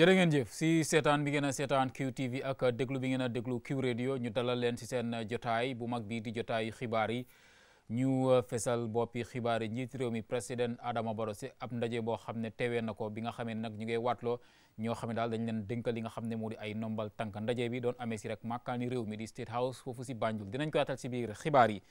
jërë ngeen jëf si seetaan bi ngeen a seetaan QTV ak déglu bi ngeen a déglu Q radio ñu dalal leen si seen jotaay bu mag bi di jotaay xibaar yi ñu uh, fesal boppi xibaar yi njiit réew mi président Adama Barrow si ab ndaje boo xam ne teewee na ko bi nga xamee nag ñu ngay waatloo ñoo xam ne daal dañ leen dénkal li nga xam ne moo di ay nombal tànk ndaje bi doon amee si rek màkkaani réew mi di State House foofu si Banjul dinañ ko yaatal si biir xibaar yi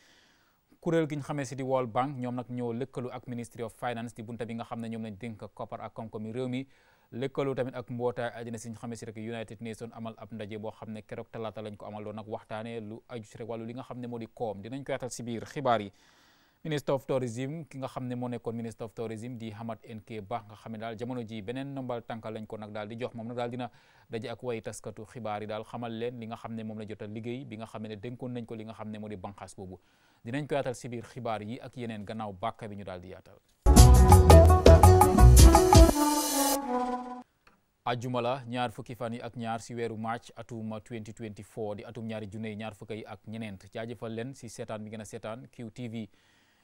kuréel gi ñu xamee si di World Bank ñoom nag ñoo lëkkalu ak Ministry of Finance di bunta bi nga xam ne ñoom lañ dénk koppar ak koom-koomi mi lëkkaloo tamit ak mbootaay ajina si ñu xamee si rek United Nations amal ab ndaje boo xam ne keroog talaata lañ ko amal doon nag waxtaanee lu aju si rek wàllu li nga xam ne moo di koom dinañ ko yaatal si biir ki nga xam ne moo nekkoon ministre of tourism di Hamat NK Bah nga xam daal ji beneen nombal tànka lañ ko nag daal di jox moom nag daal dina daje ak way taskatu xibaar yi daal xamal leen li nga xam ne a liggéey bi nga xam ne dénkoon nañ ko li nga xam ne moo di banqaas ko yaatal si xibaar yi ak yeneen gannaaw bàkka bi daal di yaatal ajuma la ñaar fukki fan yi ak ñaar si weeru mars atum 2024 di atum ñaari junne yi ñaar fukk yi ak ñeneent jaajëfal leen si seetaan bi ngeen a seetaan QTV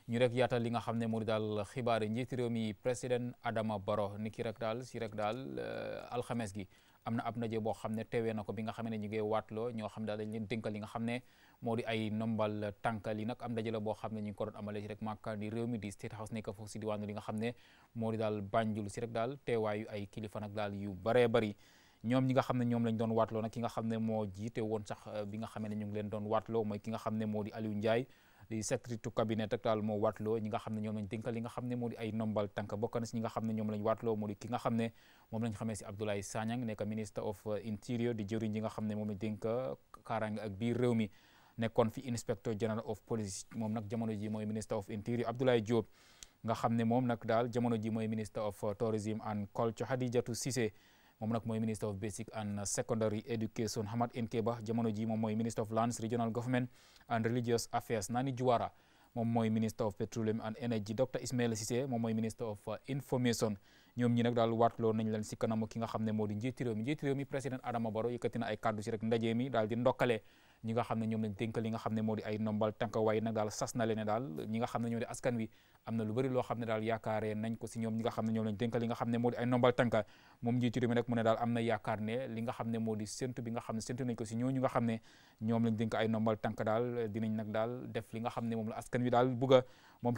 ñu rek yaatal li nga xam ne moo di daal xibaar yi njiit réew mi président Adama Barrow ni ki rek daal si rek daal euh, alxemes gi am na am ndaje bo xam ne teewee na ko bi nga xam ne ñu ngi waatloo ñoo xam daal dañ leen dénkal nga xam ne moo ay nombal tànkal yi nag am ndaje la boo xam ne ñu ngi ko doon amale ci rek màkka di réew mi di state house nekk foofu si diwaanu li nga xam ne moo di daal bànjul si rek daal teewaayu ay kilifa nag daal yu baree bari ñoom ñi nga xam ne ñoom lañ doon waatloo nag ki nga xam ne moo jiite woon sax nga xam ne ñu ngi leen doon waatlo mooy ki nga xam ne moo di Aliou Ndiaye di secrétaire cabinet ak daal moo waatloo ñi nga xam ne ñoom lañ dénkal li nga xam ne moo di ay nombal tànk bokk si ñi nga xam ne ñoom lañ waatloo moo di ki nga xam ne moom lañ xamee si Abdoulaye Sagnang nekk ministre of interior di jëriñ ñi nga xam ne moom lañ kaaraange ak biir réew nekkoon fi inspector general of police moom nag jamono ji mooy minister of interior Abdoulaye Diop nga xam ne moom nag daal jamono ji mooy minister of tourism and moom nag mooy minister of basic and secondary education Hamad N.K.Bah jamono ji moom mooy minister of lands regional government and religious affairs Nani Juwara moom mooy minister of petroleum and energy docteur Ismail Cissé moom mooy minister of uh, information ñoom ñi nag daal waatloo nañ leen si ki nga xam ne moo di njiitu réew Adama Barrow yëkkati ay kàddu rek ndaje mi daal di ndokkale ñi nga xam ne ñoom lañ dénk li nga xam ne moo di ay nombal tànk waaye nag daal sas na leen daal ñi nga xam ne am ne daal yaakaaree nañ ko si ñoom ñi nga xam ne ñoom lañ dénk li nga xam ne moo di ay nombal tànk moom njiitu na yaakaar ne li nga xam ne moo di séntu bi nga xam ne séntu nañ ko si ñooñu nga daal dinañ nga xam ne moom la askan wi daal bugg moo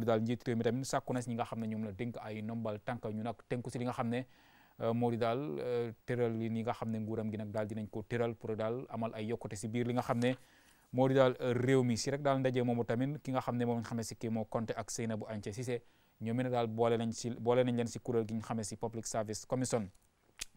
di daal njiitu réew mi tamit sàkku na si nga xam ne ñoom la dénk ay nombal tànk ñu nag tënku si li nga xam ne Euh, moo di daal euh, tëral li ni nga xam ne nguuram gi nag daal dinañ ko tëral pour daal amal ay yokkute si biir li nga xam ne moo di daal euh, réew mi si rek daal ndaje moomu tamit ki nga xam ne moom nga xam ne si kii moo Konté ak Seynabou Ancé Cissé ñoom it nag daal boole nañ si boole nañ leen si kuréel gi nga xam ne si Public Service Commission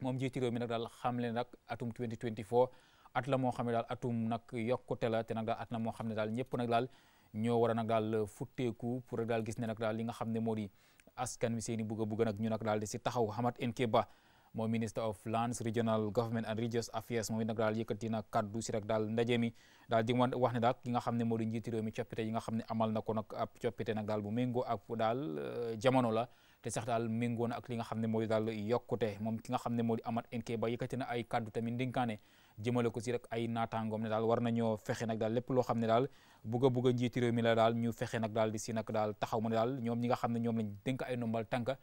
moom jiitu réew mi nag daal xam leen nag atum 2024 at la moo xam ne daal atum nag yokkute la te nag daal at la moo xam ne daal ñëpp nag daal ñoo war a nag daal futteeku pour daal gis nag daal li nga xam ne moo di askan wi seen i bugg a bugg nag ñu nag daal di si taxaw Hamat Nkéba moom minister of lands regional government and religious affairs moom it daal yëkkati na kaddu si rek daal ndaje mi daal di wax ne daal ki nga xam ne moo di njiiti réew mi coppite nga xam ne amal na ko nag ab coppite nag daal bu ak daal euh, jamono la te sax daal méngoo na ak li nga xam ne moo daal yokkute moom ki nga xam ne moo di Hamat Nkéba yëkkati na ay kaddu tamit ndénkaane jëmale ko si rek ay naataangoom ne daal war nañoo fexe nag daal lépp loo xam ne daal bugg a bugg réew mi la daal ñu fexe nag daal di si nag daal taxaw ma ne daal ñoom ñi nga xam ne ñoom lañ dénk ay nombal tànk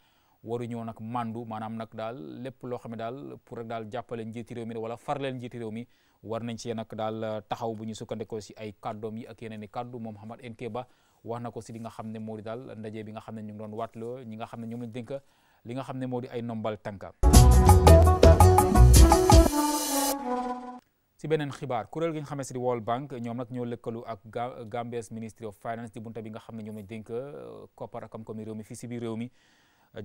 waruñoo nag mandu maanaam nag daal lépp loo xam ne daal pour daal jàppale njiiti réew mi wala farleen njiiti réew mi war nañ ci nag daal taxaw bu ñu sukkandikoo si ay kàddoom yi ak yeneen i kàddu moom Hamad NK Bah wax na ko si li nga xam ne moo di daal ndaje bi nga xam ne ñu ngi doon waatloo ñi nga xam ne ñoom lañ dénk li nga xam ne moo di ay nombal tànk si beneen xibaar kuréel gi nga xamante ni World Bank ñoom nag ñoo lëkkalu ak Gambia's Ministry of Finance di bunta bi nga xam ne ñoom lañ dénk euh, koppar ak mi fii si biir réew mi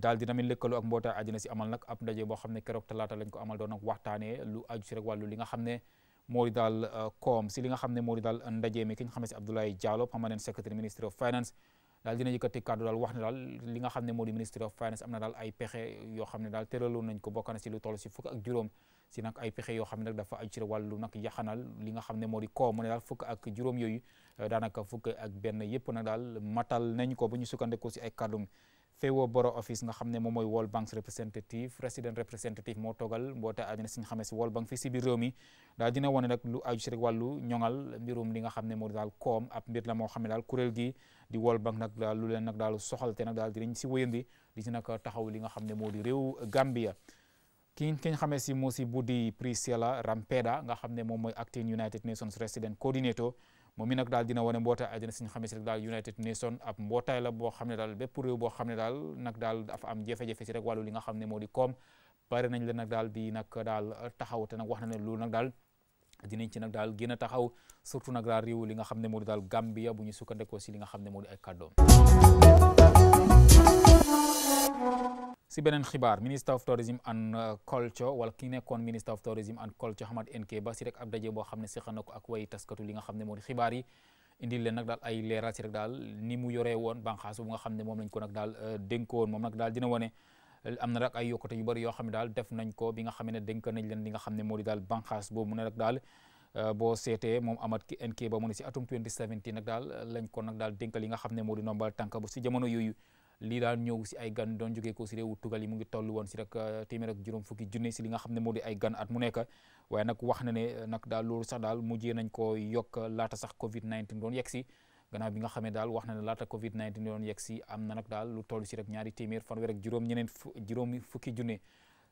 daal di tamit lëkkalu ak mbootaay àddina si amal nag ab ndaje boo xam ne keroog talaata lañ ko amal doon ak waxtaanee lu aju si rek wàllu li nga xam ne moo daal euh, koom si li nga xam ne moo di daal ndaje mi ki nga xam ne si Abdoulaye Diallo permanent secretary ministry of finance daal dina yëkkati kàddu daal wax ne daal li nga xam ne moo di ministry of finance am na daal ay pexe yoo xam ne daal tëraloon nañ ko bokk na si lu toll si fukk ak juróom si nag ay pexe yoo xam ne nag dafa aju ci wàllu nag yaxanal li nga xam ne moo di koo mu ne daal fukk ak juróom yooyu eh, daanaka fukk ak benn yëpp nag daal matal nañ ko ba ñu sukkandekoo si ay kàddum Fewo Borough Office nga xam ne moom mooy World Banks representative resident representative moo toogal mboota si nga si World Bank fii si biir réew mi dina wane nag lu aju si rek wàllu mbirum li nga xam ne moo daal koom ab mbir la moo xam ne daal kuréel gi di World Bank nag daal lu leen nag daal soxalte nag daal dinañ si wéyandi di si nag taxaw li nga xam ne moo di réew Gambia ki ki nga xamee si mo si buddi Priscilla Rampeda nga xam ne moom mooy Acting United Nations Resident Coordinator moom mi nag daal dina wane mbootaay àjjana si ñu xam si rek daal United Nations ab mbootaay la boo xam ne daal bépp réew boo xam ne daal nag daal dafa am jafe-jafe si rek wàllu li nga xam ne moo di koom bare nañ leen nag daal di nag daal taxaw te nag wax na ne loolu nag daal dinañ ci nag daal gën a taxaw surtout nag daal réew li nga xam ne moo di daal Gambia bu ñu sukkandekoo si li nga xam ne moo di ay kàddoom si beneen xibaar minister of tourism and uh, culture wala ki nekkoon minister of tourism and culture Hamad si rek ab daje boo xam ne si xana ko ak way taskatu li nga xam ne moo di xibaar yi indil leen nag daal ay leeral si rek daal ni mu yore woon banqaas bu nga xam ne moom lañ ko nag daal uh, dénkoon moom nag daal dina wone am na rek ay yoo xam ne daal def nañ ko bi nga xam ne dénk nañ leen li nga xam ne moo di daal banqaas boobu mu ne rek daal uh, moom Hamad NK Bah mu ne si atum 2017 nag daal lañ ko nag daal dénk li nga xam ne moo di nombal tànk bu si jamono yooyu lii daal ñëw si ay gan doon jógee ko si réewu tugal yi mu ngi toll woon si rek euh, téeméer ak juróom fukki junne si li nga xam ne moo di ay gan mu nekk waaye nag wax na ne euh, nag daal loolu daal mujjee nañ ko yokk laata sax covid 19 doon yegg si gannaaw bi nga xamee daal wax na ne laata covid 19 doon yegg si am na nag daal toll si rek ñaari téeméer fanweer ak juróom ñeneen juróomi fukki junne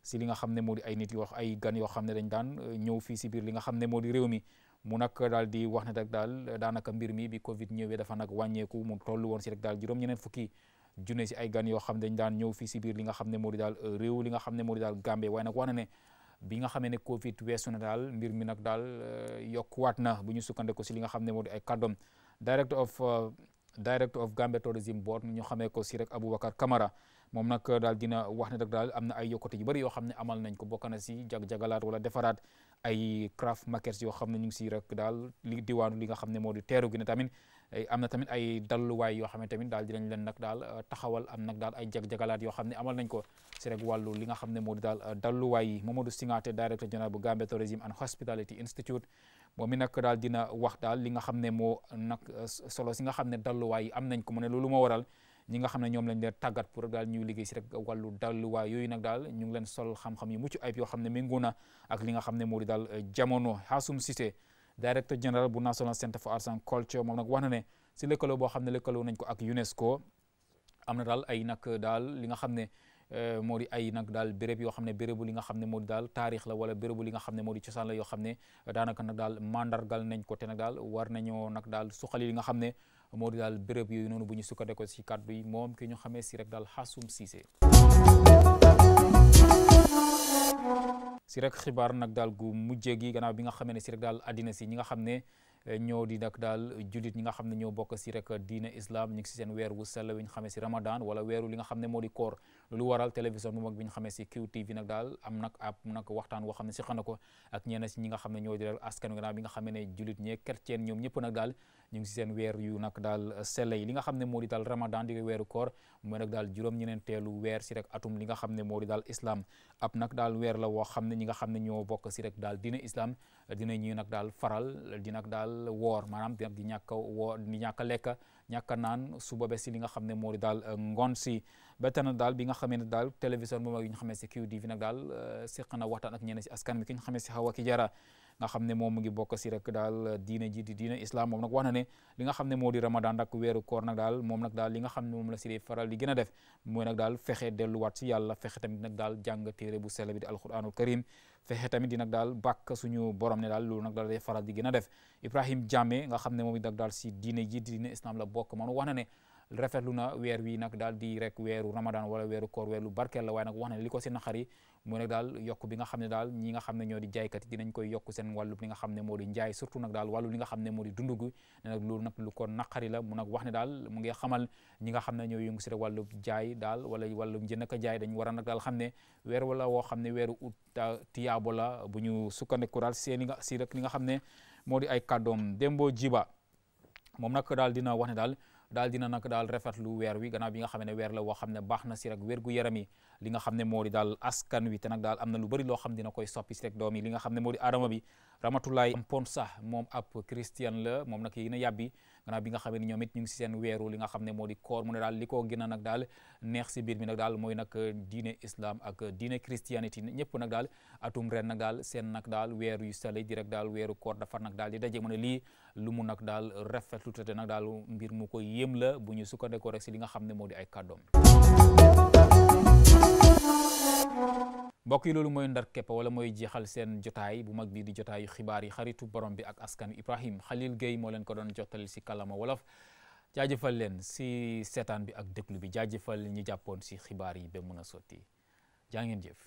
si li nga xam ne moo di ay nit yoo ay gan yoo xam ne dañ daan euh, ñëw fii si biir li nga xam ne moo di réew mi mu nag daal di wax ne rek daal daanaka mbir mi bi covid ñëwee dafa nag wàññeeku mu toll woon si rek daal juróom ñeneen fukki junne si ay gan yoo xam ne dañ daan ñëw fii si biir li nga xam ne moo di daal euh, réew li nga xam ne moo daal Gambie waaye nag wane ne bi nga xamee ne Covid weesu na daal mbir mi nag daal euh, yokkuwaat na bu ñu sukkandiku si li nga xam ne moo di ay kàddoom director of euh, director of Gambia Tourism Board ñu xamee ko si rek Aboubacar kamara moom nag daal dina wax ne rek daal am na ay yokkute yu bëri yoo xam ne amal nañ ko bokk na si jag-jagalaat wala defaraat ay craft makers yoo xam ne ñu ngi si rek daal li diwaanu li nga xam ne moo di teeru ne tamit eh, am na tamit ay dalluwaay yoo xam ne tamit daal dinañ leen nag daal eh, taxawal am nag daal ay jag-jagalaat yoo xam ne amal nañ ko si rek wàllu li nga xam ne moo di daal eh, dalluwaay yi Momadou Singate directeur général bu Gambia Tourism and Hospitality Institute moom mi nag daal dina wax daal li xam ne moo nag solo si nga xam ne dalluwaay yi am nañ ko mu ne loolu moo waral ñi nga xam ne ñoom lañ leen tàggat pour daal ñuy liggéey si rek wàllu dalluwaay yooyu nag daal ñu ngi leen sol xam-xam yu mucc ayib yoo xam ne méngoo na ak li nga xam ne moo di daal euh, jamono Hassoum Cissé directeur général bu National Centre for Arts and Culture moom nag wax na ne si lëkkaloo boo xam ne lëkkaloo nañ ko ak UNESCO am na daal ay nag daal li nga xam ne euh, moo di ay nag daal béréb yoo xam ne bérébu li nga xam ne moo di daal taarix la wala bérébu li nga xam ne moo di cosaan la yoo xam ne daanaka nag daal mandargal nañ ko te nag daal war nañoo nag daal suqali li nga xam ne moo di daal béréb yooyu noonu bu ñu sukkandekoo si kàddu yi moom ki ñu xamee si rek daal Xasum Cissé si rek xibaar nag daal gu mujjee gi bi nga xamee ne si rek daal àddina si ñi nga xam ne eh, ñoo di nag daal jullit ñi nga xam ne ñoo bokk si rek diine islam ñu si seen weer wu sell wi ñu xamee si ramadan wala weeru li nga xam ne moo di koor lu waral télévision bu mag bi ñu xamee si QTV nag daal am nag ab nag waxtaan woo xam ne si xana ko ak ñenn si ñi nga xam ne ñoo di rek askan gannaaw bi nga xamee ne jullit ñee chrétien ñoom ñëpp nag daal ñu ngi si seen weer yu nag daal selle yi li nga xam ne moo di daal ramadan di weeru koor mooy nag daal juróom ñeneenteelu weer si rek atum li nga xam ne moo di daal islam ab nag daal weer la woo xam ne ñi nga xam ne ñoo bokk si rek daal dina islam dina ñuy nag daal faral di daal woor maanam di di ñàkk a woor di ñàkk lekk ñàkk naan suba ba si li nga xam ne moo di daal ngoon si ba tey nag daal bi nga xamee ne daal télévision moom ak yi ñu xamee si QTV nag daal eh, seq na waxtaan ak ñenn si askan mi ki ñu xamee si Hawa Kijera nga xam ne moom mu ngi bokk si rek daal diine ji di diine islam moom nag wax na ne li nga xam ne moo di ramadan ak weeru koor nag daal moom nag daal li nga xam ne moom la si faral di gën a def mooy nag daal fexe delluwaat si yàlla fexe tamit nag daal jàng téere bu sell bi di alquranul karim fexe tamit di nag daal bàkk suñu borom ne daal loolu nag daal day faral di gën a def Ibrahim Jammeh nga xam ne moom it nag daal si diine ji di diine islam la bokk man wax na ne rafetlu na weer wi nag daal di rek weeru ramadan wala weeru koor weer lu barkeel la waaye nag wax na li ko si naqar yi mooy nag daal yokk bi nga xam ne daal ñi nga xam ne ñoo di jaaykat yi dinañ koy yokk seen wàllu li nga xam ne moo di njaay surtout nag daal wàllu moo di dund gi ne lu ko naqari la mu nag wax ne daal mu ngi xamal ñi nga xam ne ñoo yëngu si rek wàllu jaay daal wala wàllu njënd ak jaay dañ war a nag daal xam ne weer wala woo xam ne weeru ut tiyaabo la bu ñu sukkandiku daal seen si rek li nga xam ne moo di ay kàddoom Dembo Jiba moom nag daal dina wax ne daal daal dina nag daal rafetlu weer wi gannaaw bi nga xam ne weer la woo xam ne baax na si rek wér gu yaram yi li nga xam ne moo di daal askan wi te daal am na lu bari loo xam dina koy soppi si rek doom yi li nga xam ne moo di aadama bi Ramatoulaye Amponsa moom ab christian la moom nag yéen na yàbbi naa bi nga xamee ni ñoom it ñu ngi si seen weeru li nga xam ne moo di koor mu ne daal li ko gën nag daal neex si biir mi nag daal mooy nag euh, diine islam ak euh, diine christianité ñëpp nag daal atum ren nag daal seen nag daal weeru yu sell di rek daal weeru koor dafa nag daal di daje mu ne lii lu mu nag daal rafetlu te nag daal mbir mu ko yéem la bu ñu sukkandekoo rek si li nga xam ne moo di ay kàddoom mbokk yi loolu mooy ndar képp wala mooy jeexal seen jotaay bu mag bii di jotaayu xibaar yi xaritu borom bi ak askan Ibrahim Khalil Gueye moo leen ko doon jottali si kàllaama wolof jaajëfal leen si seetaan bi ak déglu bi jaajëfal ñi jàppoon si xibaar yi ba mun a sotti jaa ngeen jëf.